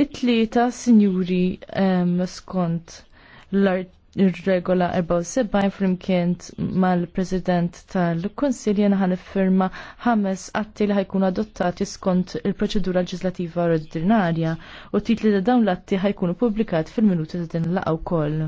It-tlieta sinjuri skont l-regola 47 flimkien mal-President tal-Konsilja naħan firma ħames atti li ħajkunu adottati skont il-proċedura leġislattiva ordinarja u titli da dawn l-atti ħajkunu publikat fil-minuti ta' din l-laqgħa wkoll.